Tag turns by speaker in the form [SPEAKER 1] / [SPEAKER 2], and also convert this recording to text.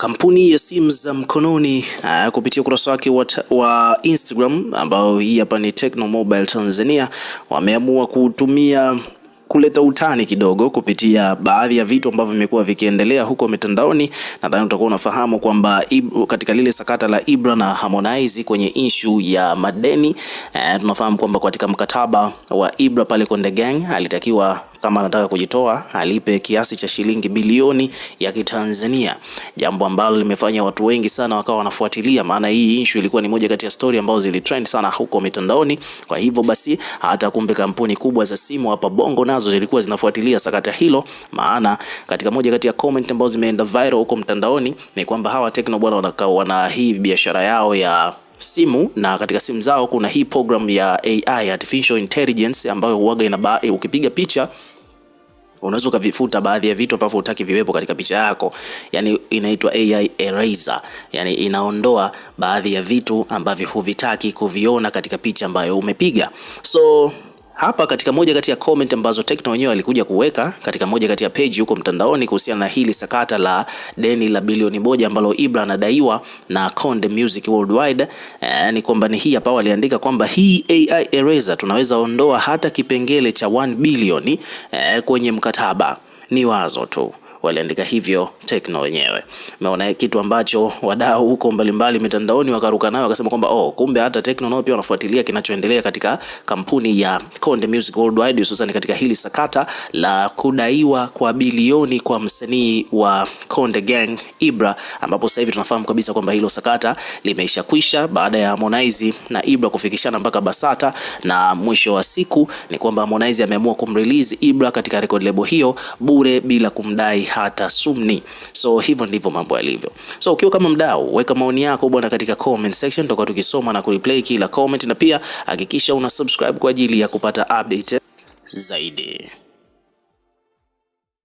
[SPEAKER 1] Kampuni ya simu za mkononi uh, kupitia ukurasa wake wa Instagram ambao hii hapa ni Tecno Mobile Tanzania wameamua kutumia kuleta utani kidogo kupitia baadhi ya vitu ambavyo vimekuwa vikiendelea huko mitandaoni. Nadhani utakuwa unafahamu kwamba katika lile sakata la Ibra na Harmonize kwenye ishu ya madeni e, tunafahamu kwamba katika mkataba wa Ibra pale Konde Gang alitakiwa kama anataka kujitoa alipe kiasi cha shilingi bilioni ya Kitanzania, jambo ambalo limefanya watu wengi sana wakawa wanafuatilia, maana hii issue ilikuwa ni moja kati ya story ambazo zilitrend sana huko mitandaoni. Kwa hivyo basi, hata kumbe kampuni kubwa za simu hapa Bongo nazo zilikuwa zinafuatilia sakata hilo, maana katika moja kati ya comment ambazo zimeenda viral huko mtandaoni ni kwamba hawa Tekno bwana wana hii biashara yao ya simu na katika simu zao kuna hii program ya AI, artificial intelligence, ambayo huaga ina ukipiga picha unaweza ukavifuta baadhi ya vitu ambavyo hutaki viwepo katika picha yako, yani inaitwa AI eraser, yani inaondoa baadhi ya vitu ambavyo huvitaki kuviona katika picha ambayo umepiga so hapa katika moja kati ya comment ambazo Tekno wenyewe alikuja kuweka katika moja kati ya page huko mtandaoni kuhusiana na hili sakata la deni la bilioni moja ambalo Ibra anadaiwa na Konde Music Worldwide, eh, ni kwamba ni hii hapa waliandika kwamba hii AI eraser tunaweza ondoa hata kipengele cha 1 bilioni eh, kwenye mkataba. Ni wazo tu waliandika hivyo Tekno wenyewe. Umeona kitu ambacho wadau huko mbalimbali mitandaoni wakaruka nayo wakasema kwamba oh, kumbe hata Tekno nao pia wanafuatilia kinachoendelea katika kampuni ya Konde Music Worldwide, hususan katika hili sakata la kudaiwa kwa bilioni kwa msanii wa Konde Gang Ibra, ambapo sasa hivi tunafahamu kabisa kwamba hilo sakata limeisha kwisha baada ya Harmonize na Ibra kufikishana mpaka Basata, na mwisho wa siku ni kwamba Harmonize ameamua kumrelease Ibra katika record label hiyo bure bila kumdai hata sumni. So hivyo ndivyo mambo yalivyo. So ukiwa kama mdau, weka maoni yako bwana katika comment section, tutakuwa tukisoma na kureplay kila comment, na pia hakikisha una subscribe kwa ajili ya kupata update zaidi.